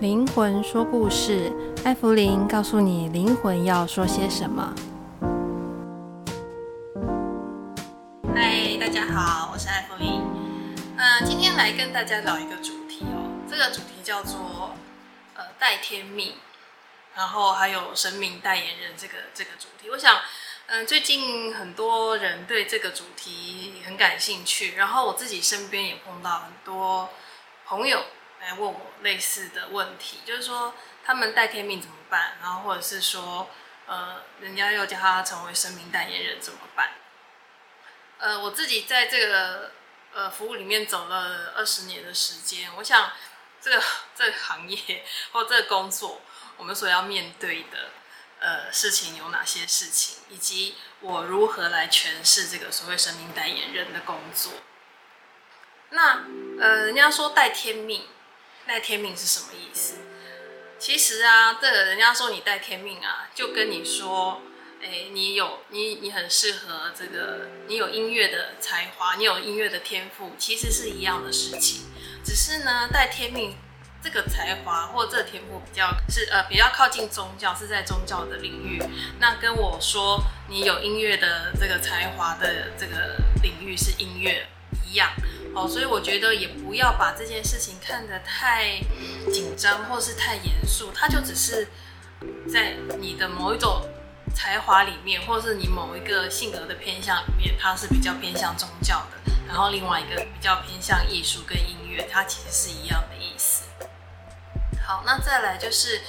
靈魂說故事，艾芙琳告訴你靈魂要說些什麼。嗨，大家好，我是艾芙琳。嗯、呃，今天來跟大家聊一個主題哦，這個主題叫做呃代天命，然後還有神明代言人這個這個主題。我想，嗯、呃，最近很多人對這個主題很感興趣，然後我自己身邊也碰到很多朋友。來問我類似的問題，就是說他們帶天命怎麼辦？然後或者是說，呃，人家又叫他成為神明代言人怎麼辦？呃，我自己在這個呃服務裡面走了二十年的時間，我想這個這個行業或這個工作，我們所要面對的呃事情有哪些事情，以及我如何來詮釋這個所謂神明代言人的工作？那呃，人家說帶天命，帶天命是什麼意思？其實啊，這個人家說你帶天命啊，就跟你說，哎、欸，你有你你很適合這個，你有音樂的才華，你有音樂的天賦，其實是一樣的事情。只是呢，帶天命這個才華或這個天賦比較是呃比較靠近宗教，是在宗教的領域。那跟我說你有音樂的這個才華的這個領域是音樂一樣。好，所以我覺得也不要把這件事情看得太緊張或是太嚴肅，它就只是在你的某一種才華裡面，或是你某一個性格的偏向裡面，它是比較偏向宗教的。然後另外一個比較偏向藝術跟音樂，它其實是一樣的意思。好，那再來就是，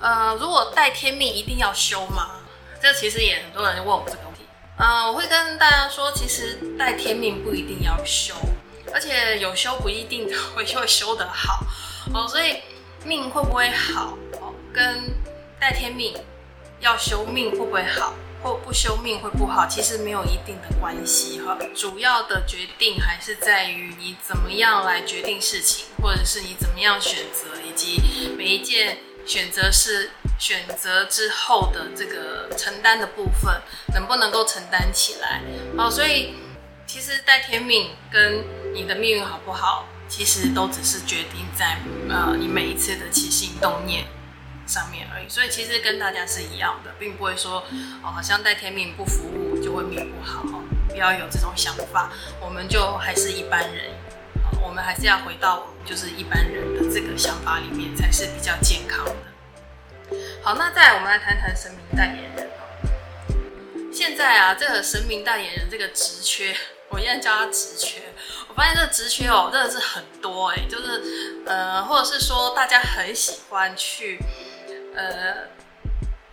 呃，如果帶天命一定要修嗎？這其實也很多人問我這個問題。呃，我會跟大家說，其實帶天命不一定要修。而且有修不一定會會修得好哦，所以命會不會好哦，跟戴天命要修命會不會好，或不修命會不好，其實沒有一定的關係哈。主要的決定還是在於你怎麼樣來決定事情，或者是你怎麼樣選擇，以及每一件選擇是選擇之後的這個承擔的部分能不能夠承擔起來哦。所以其實戴天命跟你的命運好不好，其實都只是決定在呃你每一次的起心動念上面而已。所以其實跟大家是一樣的，並不會說哦，好像帶天命不服務就會命不好，哦，不要有這種想法。我們就還是一般人，哦，我們還是要回到就是一般人的這個想法裡面才是比較健康的。好，那再來我們來談談神明代言人。嗯，現在啊，這個神明代言人這個職缺，我現在叫他職缺。我發現這個職缺哦，真的是很多誒，就是，呃，或者是說大家很喜歡去，呃，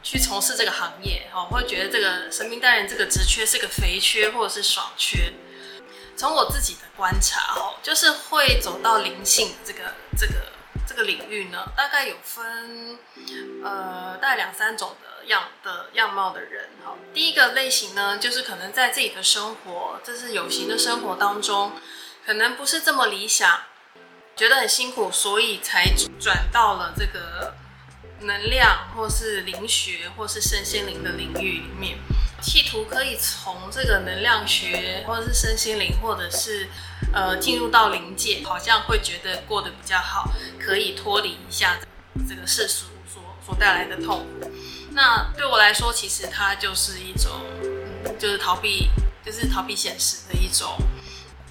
去從事這個行業哦，會覺得這個神明代言人這個職缺是個肥缺或者是爽缺。從我自己的觀察哦，就是會走到靈性這個這個這個領域呢，大概有分，呃，大概兩三種的樣的樣貌的人哈、哦。第一個類型呢，就是可能在自己的生活，就是有形的生活當中，可能不是這麼理想，覺得很辛苦，所以才轉到了這個能量，或是靈學，或是身心靈的領域裡面，企圖可以從這個能量學，或者是身心靈，或者是呃進入到靈界，好像會覺得過得比較好，可以脫離一下這個世俗所所帶來的痛苦。那對我來說，其實它就是一種，嗯，就是逃避，就是逃避現實的一種。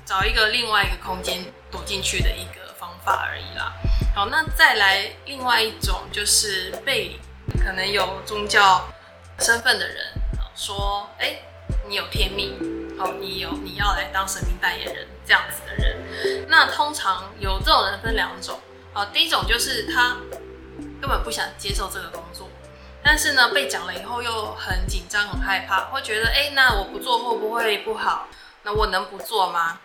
找一個另外一個空間躲進去的一個方法而已啦。好，那再來另外一種就是被可能有宗教身份的人說，誒、欸、你有天命，哦，你有你要來當神明代言人這樣子的人。那通常有這種人分兩種，好，第一種就是他根本不想接受這個工作，但是呢被講了以後又很緊張很害怕，會覺得，誒、欸、那我不做會不會不好？那我能不做嗎？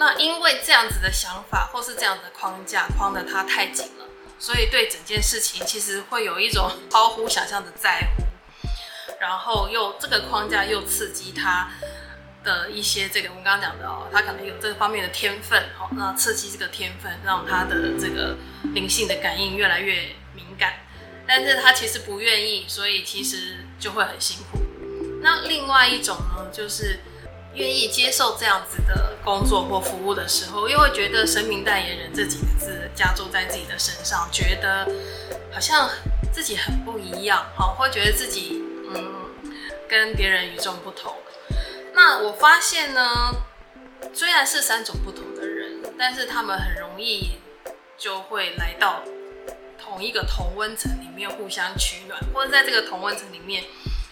那因為這樣子的想法或是這樣的框架框得他太緊了，所以對整件事情其實會有一種超乎想象的在乎，然後又這個框架又刺激他的一些這個我們剛剛講的哦、喔，他可能有這個方面的天分、喔，好，那刺激這個天分，讓他的這個靈性的感應越來越敏感，但是他其實不願意，所以其實就會很辛苦。那另外一種呢，就是。願意接受這樣子的工作或服務的時候，又會覺得“神明代言人”這幾個字加注在自己的身上，覺得好像自己很不一樣，好，會覺得自己嗯，跟別人與眾不同。那我發現呢，雖然是三種不同的人，但是他們很容易就會來到同一個同溫層裡面互相取暖，或者在這個同溫層裡面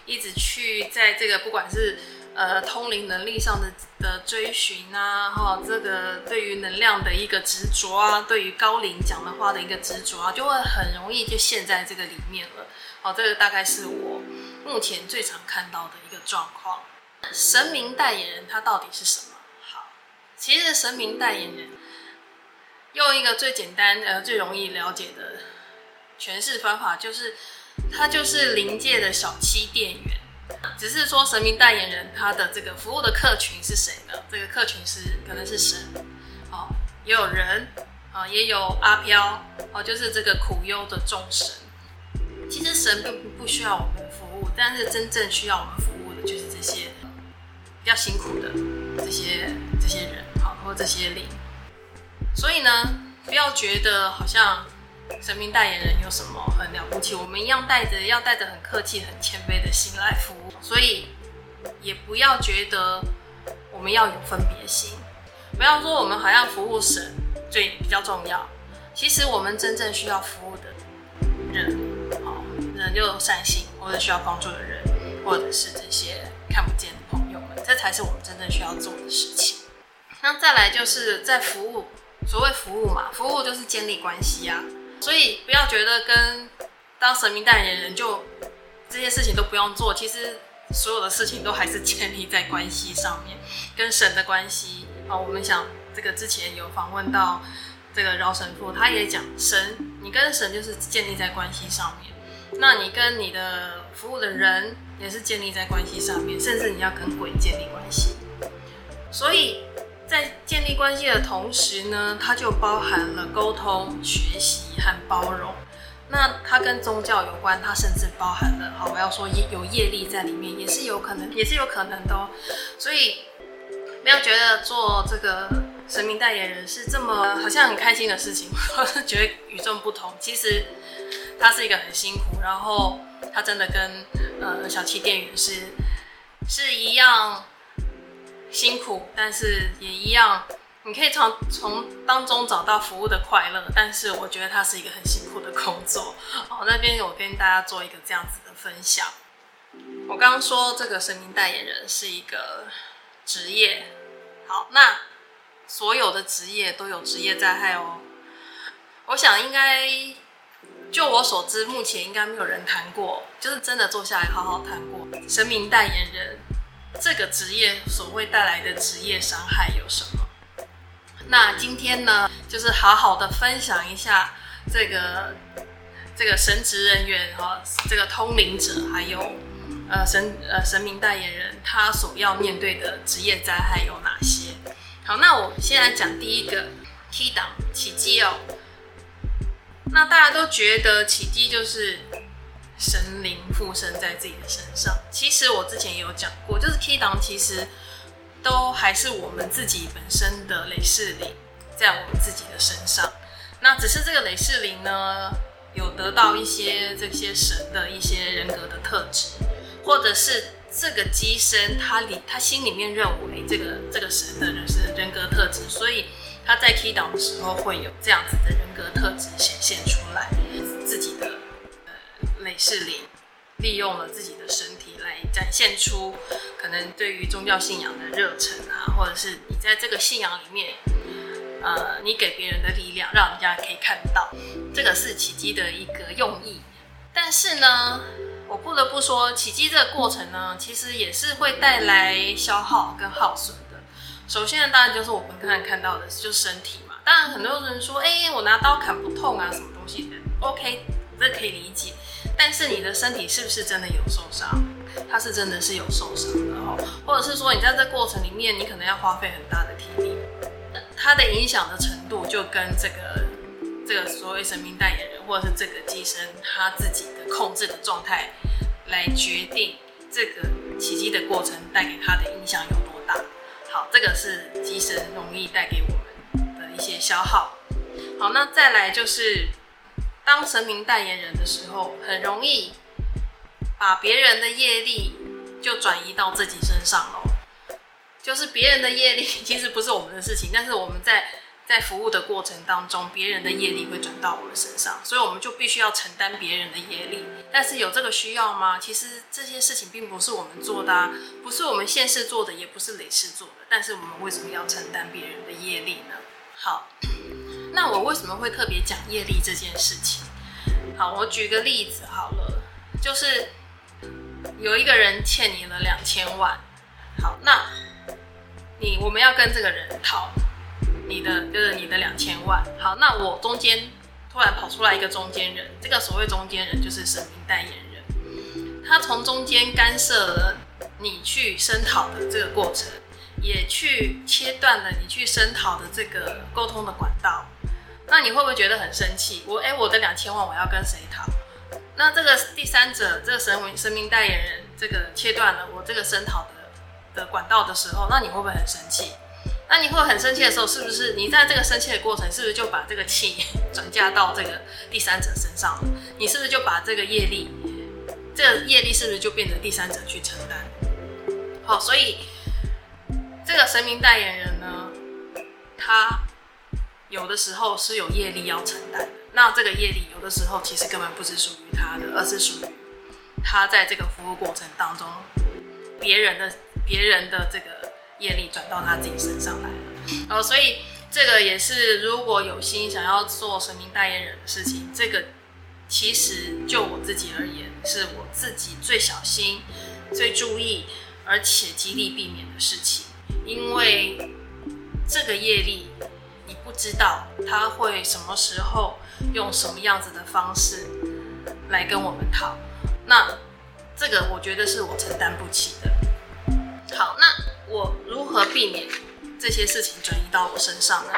一直去在這個不管是。呃，通靈能力上的的追尋啊，哈、哦，這個對於能量的一個執着啊，對於高靈講的話的一個執着啊，就會很容易就陷在這個裡面了。好、哦，這個大概是我目前最常看到的一個狀況。神明代言人他到底是什麼？好，其實神明代言人用一個最簡單、呃，最容易了解的詮釋方法，就是他就是靈界的小七店員。只是說神明代言人，他的這個服務的客群是誰呢？這個客群是可能是神，哦、也有人，啊、哦，也有阿飄，哦，就是這個苦憂的眾生，其實神並不需要我們服務，但是真正需要我們服務的就是這些比較辛苦的這些這些人，啊、哦，或這些靈。所以呢，不要覺得好像。神明代言人有什麼很了不起？我們一樣帶着要帶着很客氣、很謙卑的心來服務，所以也不要覺得我們要有分別心，不要說我們好像服務神最比較重要。其實我們真正需要服務的人，哦，人就有善心，或者需要幫助的人，或者是這些看不見的朋友們，這才是我們真正需要做的事情。那再來就是在服務，所謂服務嘛，服務就是建立關係呀、啊。所以不要覺得跟當神明代言人就這些事情都不用做，其實所有的事情都還是建立在關係上面，跟神的關係啊，哦。我們想這個之前有訪問到這個饒神父，他也講神，你跟神就是建立在關係上面，那你跟你的服務的人也是建立在關係上面，甚至你要跟鬼建立關係，所以。在建立關係的同時呢，它就包含了溝通、學習和包容。那它跟宗教有關，它甚至包含了，好，我要說有業力在裡面，也是有可能，也是有可能的哦。所以不要覺得做這個神明代言人是這麼好像很開心的事情，我覺得與眾不同。其實它是一個很辛苦，然後它真的跟、呃、小7店員是是一樣。辛苦，但是也一樣，你可以從從當中找到服務的快樂。但是我覺得它是一個很辛苦的工作。好，那邊我跟大家做一個這樣子的分享。我剛剛說這個神明代言人是一個職業，好，那所有的職業都有職業災害哦。我想應該，就我所知，目前應該沒有人談過，就是真的坐下來好好談過神明代言人。這個職業所會帶來的職業傷害有什麼？那今天呢，就是好好的分享一下這個這個神職人員哈，這個通靈者，還有呃神呃神明代言人，他所要面對的職業災害有哪些？好，那我先來講第一個 T 檔起乩哦。那大家都覺得起乩就是。神靈附身在自己的身上，其實我之前也有講過，就是乩童其實都還是我們自己本身的累世靈在我們自己的身上，那只是這個累世靈呢有得到一些這些神的一些人格的特質，或者是這個乩身他裡他心裡面認為這個這個神的人是人格特質，所以他在乩童的時候會有這樣子的人格特質顯現出來自己的。是利利用了自己的身體來展現出可能對於宗教信仰的熱忱啊，或者是你在這個信仰裡面，呃，你給別人的力量，讓人家可以看到這個是奇蹟的一個用意。但是呢，我不得不說，奇蹟這個過程呢，其實也是會帶來消耗跟耗損的。首先呢，當然就是我們剛才看到的，就是身體嘛。當然，很多人說，哎，我拿刀砍不痛啊，什麼東西的。OK，我這可以理解。但是你的身體是不是真的有受傷？他是真的是有受傷的哦，或者是說你在這過程裡面，你可能要花費很大的體力，它的影響的程度就跟這個這個所謂神明代言人，或者是這個乩身他自己的控制的狀態來決定這個起乩的過程帶給他的影響有多大。好，這個是乩身容易帶給我們的一些消耗。好，那再來就是。當神明代言人的時候，很容易把別人的業力就轉移到自己身上嘍。就是別人的業力，其實不是我們的事情，但是我們在在服務的過程當中，別人的業力會轉到我們身上，所以我們就必須要承擔別人的業力。但是有這個需要嗎？其實這些事情並不是我們做的啊，不是我們現世做的，也不是累世做的。但是我們為什麼要承擔別人的業力呢？好。那我為什麼會特別講業力這件事情？好，我舉個例子好了，就是有一個人欠你了兩千萬，好，那你我們要跟這個人討你的就是你的兩千萬，好，那我中間突然跑出來一個中間人，這個所謂中間人就是神明代言人，他從中間干涉了你去聲討的這個過程，也去切斷了你去聲討的這個溝通的管道。那你會不會覺得很生氣？我誒、欸，我的兩千萬我要跟誰討？那這個第三者，這個神明神明代言人，這個切斷了我這個聲討的的管道的時候，那你會不會很生氣？那你會很生氣的時候，是不是你在這個生氣的過程，是不是就把這個氣轉嫁到這個第三者身上了？你是不是就把這個業力，這個業力是不是就變成第三者去承擔？好，所以這個神明代言人呢，他。有的時候是有業力要承擔的，那這個業力有的時候其實根本不是屬於他的，而是屬於他在這個服務過程當中，別人的別人的這個業力轉到他自己身上來了。哦，所以這個也是如果有心想要做神明代言人的事情，這個其實就我自己而言是我自己最小心、最注意，而且極力避免的事情，因為這個業力。你不知道他會什麼時候用什麼樣子的方式來跟我們討，那這個我覺得是我承擔不起的。好，那我如何避免這些事情轉移到我身上呢？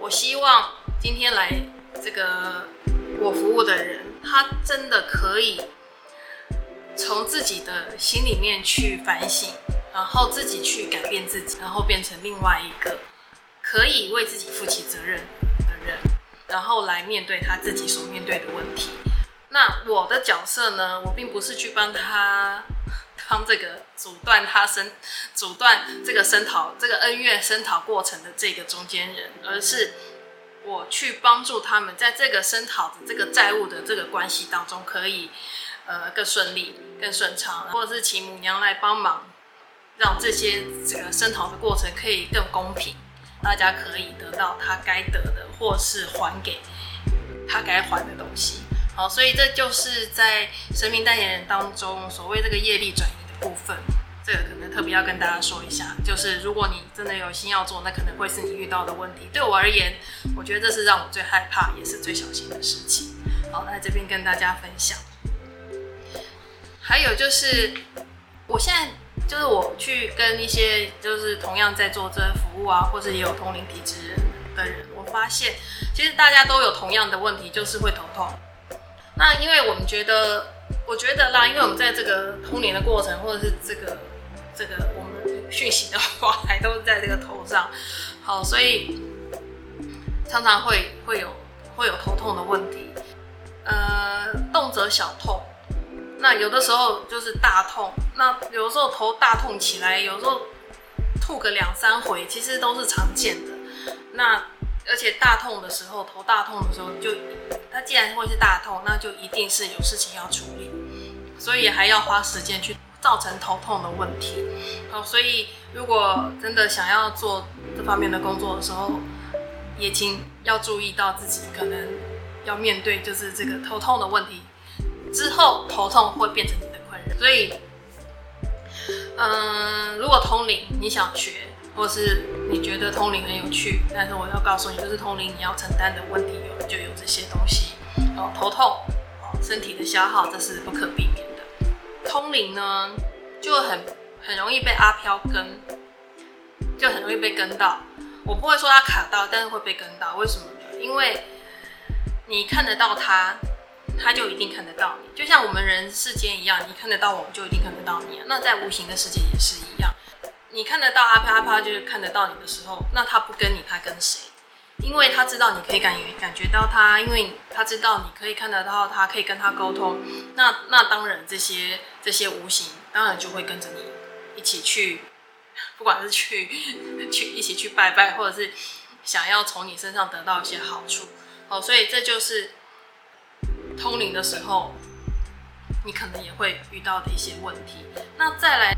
我希望今天來這個我服務的人，他真的可以從自己的心裡面去反省，然後自己去改變自己，然後變成另外一個。可以為自己負起責任的人，然後來面對他自己所面對的問題。那我的角色呢？我並不是去幫他幫這個阻斷他生，阻斷這個聲討這個恩怨聲討過程的這個中間人，而是我去幫助他們在這個聲討的這個債務的這個關係當中，可以、呃、更順利、更順暢，或者是請母娘來幫忙，讓這些這個聲討的過程可以更公平。大家可以得到他該得的，或是還給他該還的東西。好，所以這就是在神明代言人當中，所謂這個業力轉移的部分。這個可能特別要跟大家說一下，就是如果你真的有心要做，那可能會是你遇到的問題。對我而言，我覺得這是讓我最害怕，也是最小心的事情。好，那在這邊跟大家分享。還有就是，我現在。就是我去跟一些就是同樣在做這些服務啊，或者也有通靈體質的人，我發現其實大家都有同樣的問題，就是會頭痛。那因為我們覺得，我覺得啦，因為我們在這個通靈的過程，或者是這個這個我們訊息的話還都是在這個頭上，好，所以常常會會有會有頭痛的問題，呃，動輒小痛，那有的時候就是大痛，那有的時候頭大痛起來，有的時候吐個兩三回，其實都是常見的。那而且大痛的時候，頭大痛的時候就，就他既然會是大痛，那就一定是有事情要處理，所以還要花時間去造成頭痛的問題。好，所以如果真的想要做這方面的工作的時候，也請要注意到自己可能要面對就是這個頭痛的問題。之後頭痛會變成你的困擾，所以，嗯、呃，如果通靈，你想學，或是你覺得通靈很有趣，但是我要告訴你，就是通靈你要承擔的問題，有就有這些東西。頭痛、哦、身體的消耗，這是不可避免的。通靈呢就很很容易被阿飄跟，就很容易被跟到。我不會說他卡到，但是會被跟到，為什麼呢？因為你看得到他。他就一定看得到你，就像我們人世間一樣，你看得到我們就一定看得到你啊。那在無形的世界也是一樣，你看得到阿飄阿飄，就是看得到你的時候，那他不跟你，他跟誰？因為他知道你可以感感覺到他，因為他知道你可以看得到他，可以跟他溝通。那那當然，這些這些無形，當然就會跟着你一起去，不管是去去一起去拜拜，或者是想要從你身上得到一些好處。哦，所以這就是。通靈的時候，你可能也會遇到的一些問題。那再來，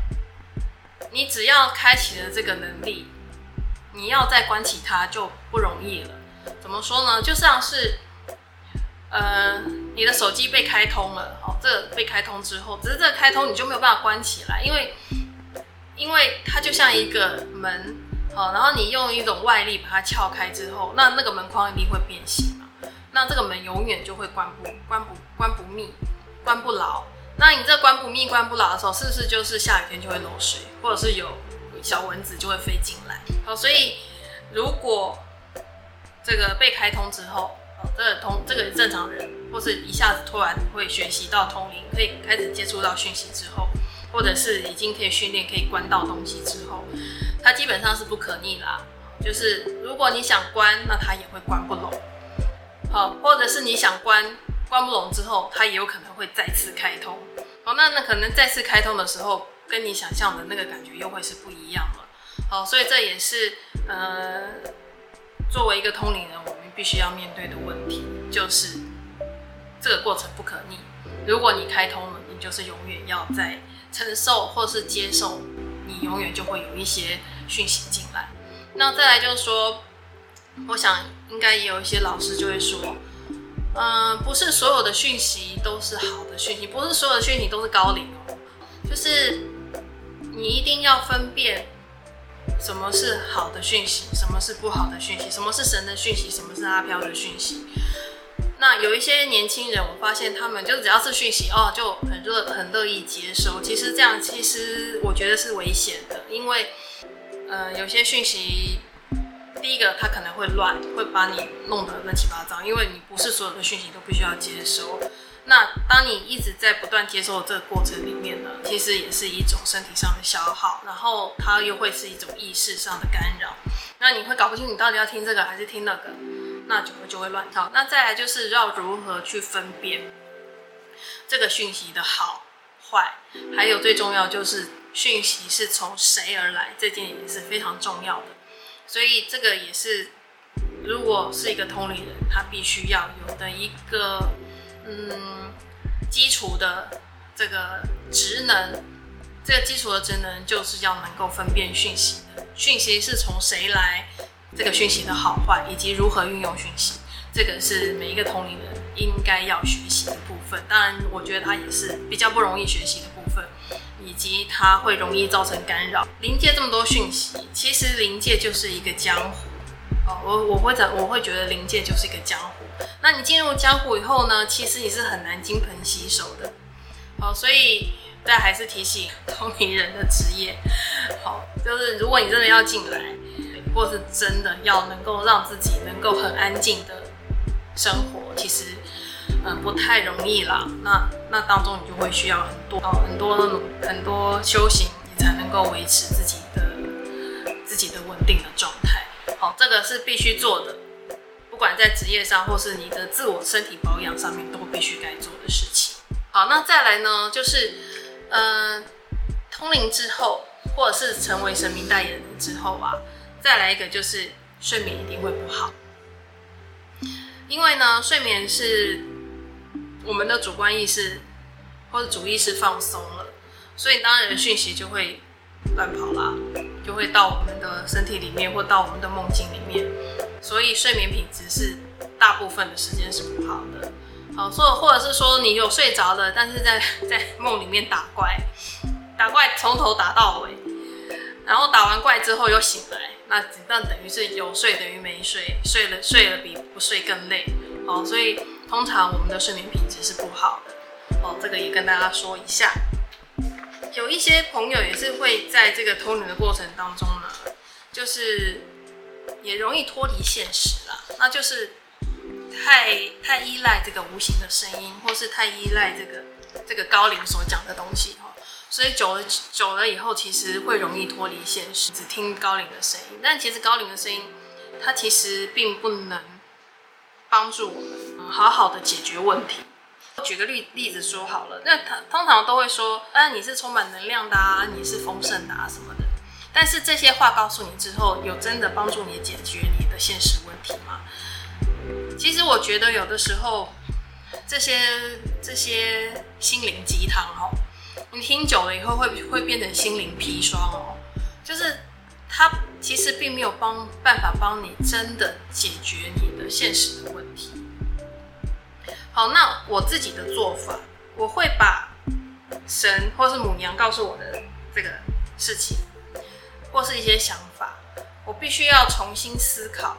你只要開啟了這個能力，你要再關起它就不容易了。怎麼說呢？就像是，呃，你的手機被開通了，哦，這被開通之後，只是這個開通你就沒有辦法關起來，因為，因為它就像一個門，哦，然後你用一種外力把它撬開之後，那那個門框一定會變形。那這個門永遠就會關不關不關不密，關不牢。那你這關不密、關不牢的時候，是不是就是下雨天就會漏水，或者是有小蚊子就會飛進來？好，所以如果這個被開通之後，這個通這個正常人，或者一下子突然會學習到通靈，可以開始接觸到訊息之後，或者是已經可以訓練可以關到東西之後，它基本上是不可逆啦。就是如果你想關，那它也會關不攏。好，或者是你想關關不攏之後，它也有可能會再次開通。好，那那可能再次開通的時候，跟你想象的那個感覺又會是不一樣了。好，所以這也是呃，作為一個通靈人，我們必須要面對的問題，就是這個過程不可逆。如果你開通了，你就是永遠要在承受或是接受，你永遠就會有一些訊息進來。那再來就是說。我想應該也有一些老師就會說，嗯、呃，不是所有的訊息都是好的訊息，不是所有的訊息都是高靈。就是你一定要分辨什麼是好的訊息，什麼是不好的訊息，什麼是神的訊息，什麼是阿飄的訊息。那有一些年輕人，我發現他們就只要是訊息哦，就很熱很樂意接收。其實這樣，其實我覺得是危險的，因為，呃，有些訊息。第一個，它可能會亂，會把你弄得亂七八糟，因為你不是所有的訊息都必須要接收。那當你一直在不斷接收的這個過程裡面呢，其實也是一種身體上的消耗，然後它又會是一種意識上的干擾。那你會搞不清你到底要聽這個還是聽那個，那就會就會亂套。那再來就是要如何去分辨這個訊息的好壞，還有最重要就是訊息是從誰而來，這件也是非常重要的。所以這個也是，如果是一個通靈人，他必須要有的一個，嗯，基礎的這個職能，這個基礎的職能就是要能夠分辨訊息的，訊息是從誰來，這個訊息的好壞以及如何運用訊息，這個是每一個通靈人應該要學習的部分。當然，我覺得他也是比較不容易學習的。以及它會容易造成干擾。靈界這麼多訊息，其實靈界就是一個江湖。我我會在我會覺得靈界就是一個江湖。那你進入江湖以後呢？其實你是很難金盆洗手的。好，所以但還是提醒通靈人的職業。好，就是如果你真的要進來，或是真的要能夠讓自己能夠很安靜的生活，其實。嗯、不太容易啦。那那當中你就會需要很多、哦、很多很多修行，你才能夠維持自己的自己的穩定的狀態。好，這個是必須做的，不管在職業上或是你的自我身體保養上面，都必須該做的事情。好，那再來呢，就是、呃、通靈之後，或者是成為神明代言人之後啊，再來一個就是睡眠一定會不好，因為呢，睡眠是。我們的主觀意識或者主意識放鬆了，所以當然的訊息就會亂跑啦，就會到我們的身體裡面或到我們的夢境裡面，所以睡眠品質是大部分的時間是不好的。好，所以或者是說你有睡着了，但是在在夢裡面打怪，打怪從頭打到尾，然後打完怪之後又醒來，那這等於是有睡等於沒睡，睡了睡了比不睡更累。好，所以。通常我們的睡眠品質是不好的哦，這個也跟大家說一下。有一些朋友也是會在這個通靈的過程當中呢，就是也容易脫離現實啦，那就是太太依賴這個無形的聲音，或是太依賴這個這個高靈所講的東西，哦，所以久了久了以後，其實會容易脫離現實，嗯，只聽高靈的聲音。但其實高靈的聲音，它其實並不能幫助我們。好好的解決問題。我舉個例例子說好了，那他通常都會說：“啊你是充滿能量的啊，你是豐盛的啊，什麼的。”但是這些話告訴你之後，有真的幫助你解決你的現實問題嗎？其實我覺得有的時候，這些這些心靈雞湯哦，你聽久了以後會會變成心靈砒霜哦，就是它其實並沒有幫辦法幫你真的解決你的現實的問題。好，那我自己的做法，我會把神或是母娘告訴我的這個事情，或是一些想法，我必須要重新思考，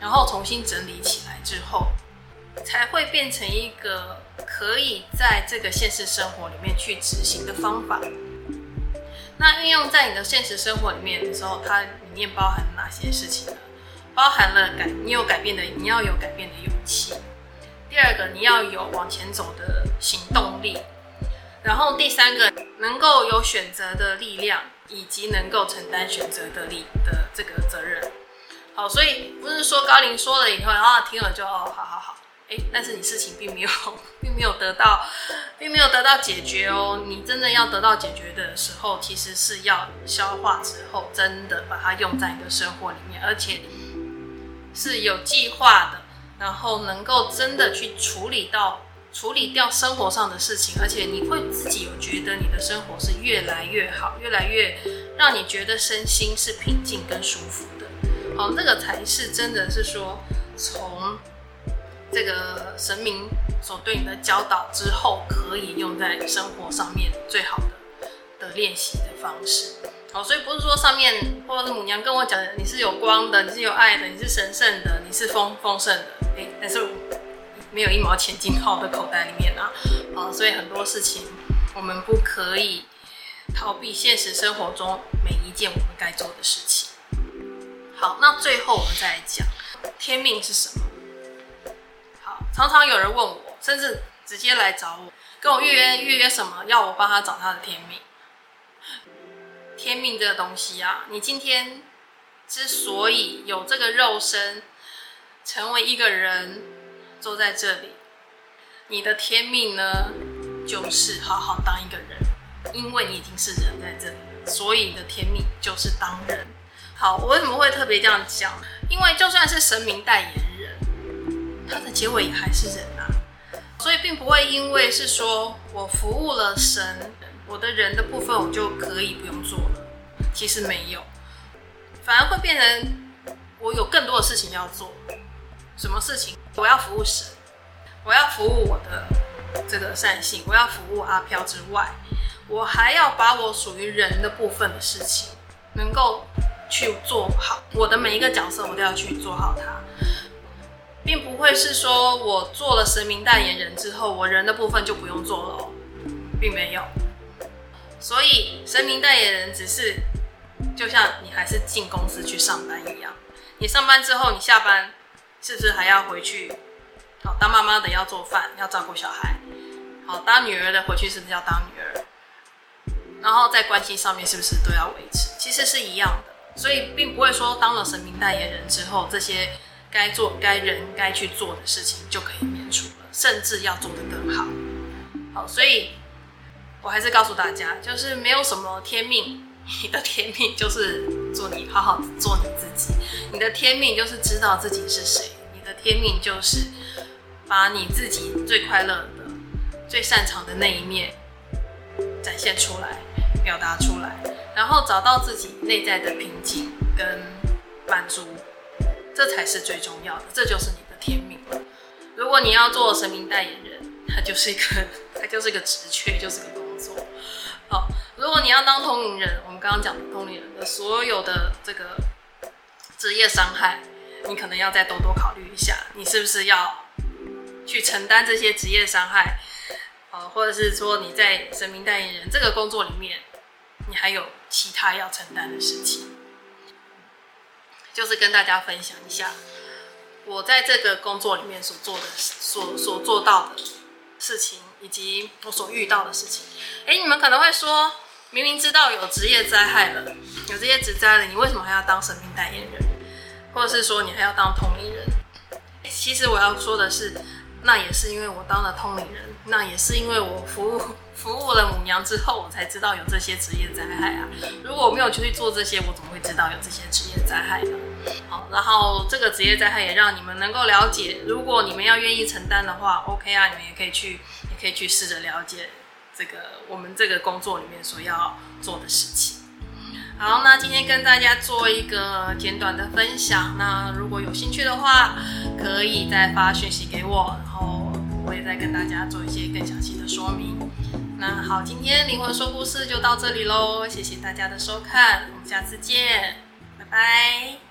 然後重新整理起來之後，才會變成一個可以在這個現實生活裡面去執行的方法。那運用在你的現實生活裡面的時候，它裡面包含哪些事情呢、啊？包含了改，你有改變的，你要有改變的勇氣。第二個，你要有往前走的行動力，然後第三個，能夠有選擇的力量，以及能夠承擔選擇的力的這個責任。好，所以不是說高靈說了以後，然後聽了就哦，好好好，哎，但是你事情並沒有，並沒有得到，並沒有得到解決哦。你真正要得到解決的時候，其實是要消化之後，真的把它用在你的生活裡面，而且是有計劃的。然後能夠真的去處理到處理掉生活上的事情，而且你會自己有覺得你的生活是越來越好，越來越讓你覺得身心是平靜跟舒服的。好，那、這個才是真的是說從這個神明所對你的教導之後，可以用在生活上面最好的的練習的方式。好，所以不是說上面或者是母娘跟我講，你是有光的，你是有愛的，你是神聖的，你是豐豐盛的。欸，但是我沒有一毛錢進到我的口袋裡面啊，好，所以很多事情我們不可以逃避現實生活中每一件我們該做的事情。好，那最後我們再來講，天命是什麼？好，常常有人問我，甚至直接來找我，跟我預約，預約什麼，要我幫他找他的天命。天命這個東西啊，你今天之所以有這個肉身。成為一個人，坐在這裡，你的天命呢，就是好好當一個人，因為你已經是人在這裡了，所以你的天命就是當人。好，我為什麼會特別這樣講？因為就算是神明代言人，他的結尾也還是人啊，所以並不會因為是說我服務了神，我的人的部分我就可以不用做了，其實沒有，反而會變成我有更多的事情要做。什麼事情？我要服務神，我要服務我的這個善性，我要服務阿飄之外，我還要把我屬於人的部分的事情能夠去做好。我的每一個角色，我都要去做好它，並不會是說我做了神明代言人之後，我人的部分就不用做了哦，並沒有。所以，神明代言人只是就像你還是進公司去上班一樣，你上班之後，你下班。是不是還要回去？好，當媽媽的要做飯，要照顧小孩。好，當女兒的回去是不是要當女兒？然後在關係上面是不是都要維持？其實是一樣的，所以並不會說當了神明代言人之後，這些該做、該人、該去做的事情就可以免除了，甚至要做得更好。好，所以我還是告訴大家，就是沒有什麼天命，你的天命就是。做你，好好做你自己，你的天命就是知道自己是誰，你的天命就是把你自己最快樂的、最擅長的那一面展現出來、表達出來，然後找到自己內在的平靜跟滿足，這才是最重要的，這就是你的天命。如果你要做神明代言人，就它就是一個它就是一個職缺，就是個工作，好、哦。如果你要當通靈人，我們剛剛講通靈人的所有的這個職業傷害，你可能要再多多考慮一下，你是不是要去承擔這些職業傷害？呃，或者是說你在神明代言人這個工作裡面，你還有其他要承擔的事情？就是跟大家分享一下，我在這個工作裡面所做的、所所做到的事情，以及我所遇到的事情。誒、欸，你們可能會說。明明知道有職業災害了，有這些職業災害了，你為什麼還要當神明代言人，或者是說你還要當通靈人？其實我要說的是，那也是因為我當了通靈人，那也是因為我服務服務了母娘之後，我才知道有這些職業災害啊。如果沒有去做這些，我怎麼會知道有這些職業災害呢？好，然後這個職業災害也讓你們能夠了解，如果你們要願意承擔的話，OK 啊，你們也可以去，也可以去試着了解。這個我們這個工作裡面所要做的事情。好，那今天跟大家做一個簡短的分享。那如果有興趣的話，可以再發訊息給我，然後我也再跟大家做一些更詳細的說明。那好，今天靈魂說故事就到這裡嘍，謝謝大家的收看，我們下次見，拜拜。